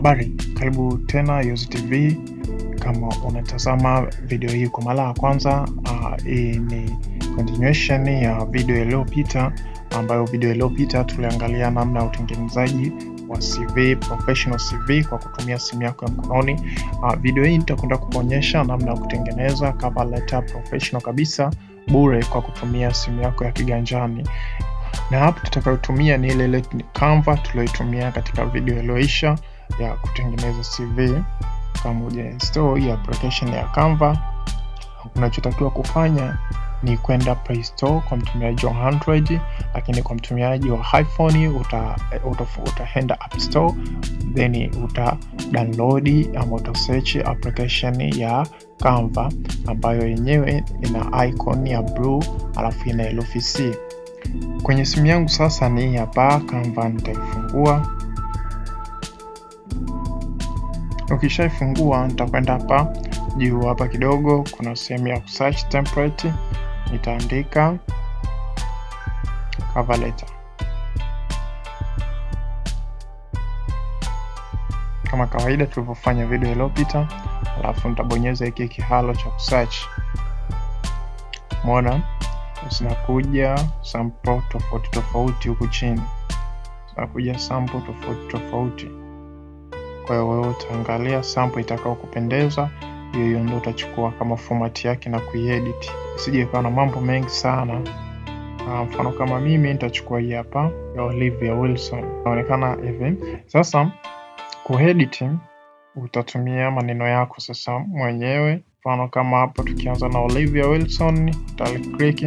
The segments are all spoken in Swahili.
Habari, karibu tena Yozi TV. Kama unatazama video hii kwa mara ya kwanza, uh, hii ni continuation ya video iliyopita, ambayo video iliyopita tuliangalia namna ya utengenezaji wa CV, professional CV kwa kutumia simu yako ya mkononi. Uh, video hii nitakwenda kukuonyesha namna ya kutengeneza cover letter professional kabisa bure kwa kutumia simu yako ya kiganjani na hapo tutakayotumia ni ile ile Canva tulioitumia katika video iliyoisha, ya kutengeneza CV pamoja na install ya application ya Canva. Unachotakiwa kufanya ni kwenda Play Store kwa mtumiaji wa Android, lakini kwa mtumiaji wa iPhone uta, uta, utaenda App Store then uta download ama uta search application ya Canva ambayo yenyewe ina icon ya blue alafu ina herufi C. Kwenye simu yangu sasa ni hapa Canva, nitaifungua Ukishaifungua nitakwenda hapa juu hapa kidogo, kuna sehemu ya search template, nitaandika cover letter kama kawaida tulivyofanya video iliyopita, alafu nitabonyeza hiki kihalo cha search. Umeona zinakuja sample tofauti tofauti huku chini, zinakuja sample tofauti tofauti kwa yoyote. Angalia utaangalia sample itakayokupendeza, hiyo hiyo ndio utachukua kama format yake na kuiedit, isije ikawa na mambo mengi sana. Uh, Mfano kama mimi nitachukua hii hapa ya Olivia Wilson, inaonekana hivi. Sasa kuedit, utatumia maneno yako sasa mwenyewe. Mfano kama hapo tukianza na Olivia Wilson, nitakliki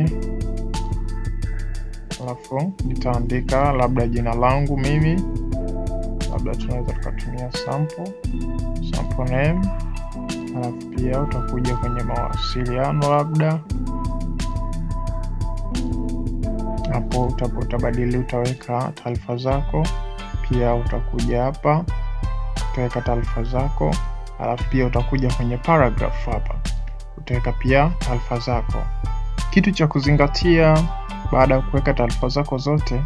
alafu nitaandika labda jina langu mimi labda tunaweza tukatumia sample sample name, alafu pia utakuja kwenye mawasiliano, labda hapo utabadili, utaweka taarifa zako, pia utakuja hapa utaweka taarifa zako, alafu pia utakuja kwenye paragraph hapa utaweka pia taarifa zako. Kitu cha kuzingatia baada ya kuweka taarifa zako zote,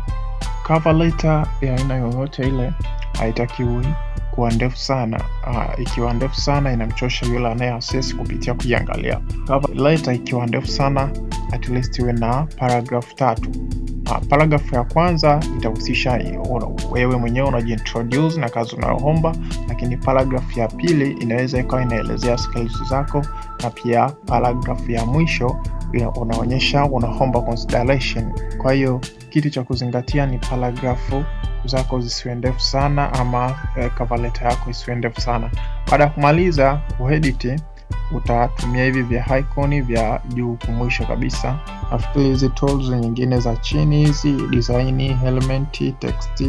cover letter ya aina yoyote ile haitakiwi kuwa ndefu sana. Uh, ikiwa ndefu sana inamchosha yule anayeaccess kupitia kuiangalia. Letter ikiwa ndefu sana at least iwe na paragraph tatu. Uh, paragraph ya kwanza itahusisha wewe mwenyewe unajiintroduce na kazi unayoomba, lakini paragraph ya pili inaweza ikawa inaelezea skills zako, na pia paragraph ya mwisho unaonyesha unaomba consideration. Kwa hiyo kitu cha kuzingatia ni paragrafu zako zisiwe ndefu sana, ama e, cover letter yako isiwe ndefu sana. Baada ya kumaliza kuedit, utatumia hivi vya icon vya juu kumwisho kabisa, afu hizi tools nyingine za chini hizi design element, text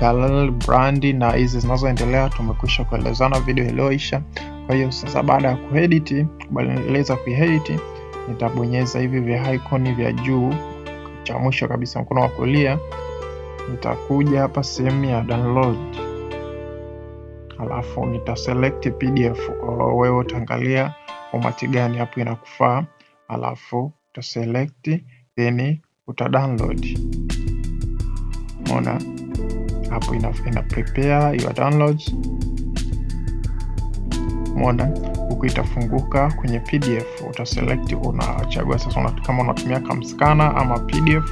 gallery, brand na hizi zinazoendelea tumekwisha kuelezana video iliyoisha. Kwa hiyo sasa, baada ya kuedit, kueleza kuedit, nitabonyeza hivi vya icon vya juu cha mwisho kabisa mkono wa kulia nitakuja hapa sehemu ya download, alafu nitaselect PDF. Wewe utaangalia umati gani hapo inakufaa, alafu utaselect then download. Unaona hapo ina, ina prepare your downloads. Umeona huku itafunguka kwenye PDF, utaselect, unachagua sasa kama unatumia kamskana ama PDF,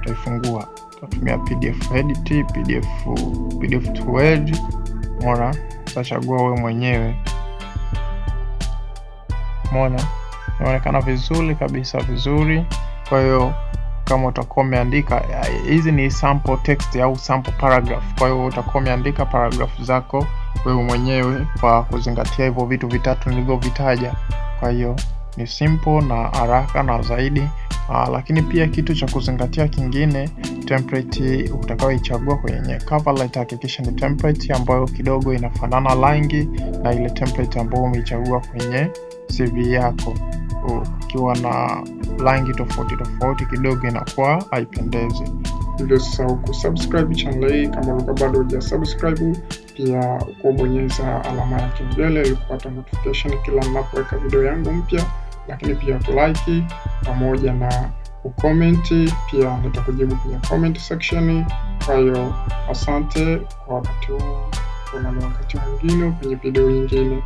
utaifungua utatumia pdf edit, pdf, pdf to word. Mona utachagua we mwenyewe. Mona inaonekana vizuri kabisa, vizuri. Kwa hiyo kama utakuwa umeandika hizi ni sample text au sample paragraph, kwa hiyo utakuwa umeandika paragraph zako wewe mwenyewe kwa kuzingatia hivyo vitu vitatu nilivyovitaja. Kwa hiyo ni simple na haraka na zaidi. Aa, ah, lakini pia kitu cha kuzingatia kingine template utakayoichagua kwenye cover letter, hakikisha ni template ambayo kidogo inafanana rangi na ile template ambayo umeichagua kwenye CV yako. Ukiwa na rangi tofauti tofauti kidogo inakuwa haipendezi. Hivyo usisahau kusubscribe channel hii kama ulikuwa bado hujasubscribe, pia kubonyeza alama ya kengele ili kupata notification kila ninapoweka video yangu mpya, lakini pia tulike pamoja na kukomenti, pia nitakujibu kwenye comment section. Kwa hiyo asante kwa wakati huu, kuna wakati mwingine kwenye video nyingine.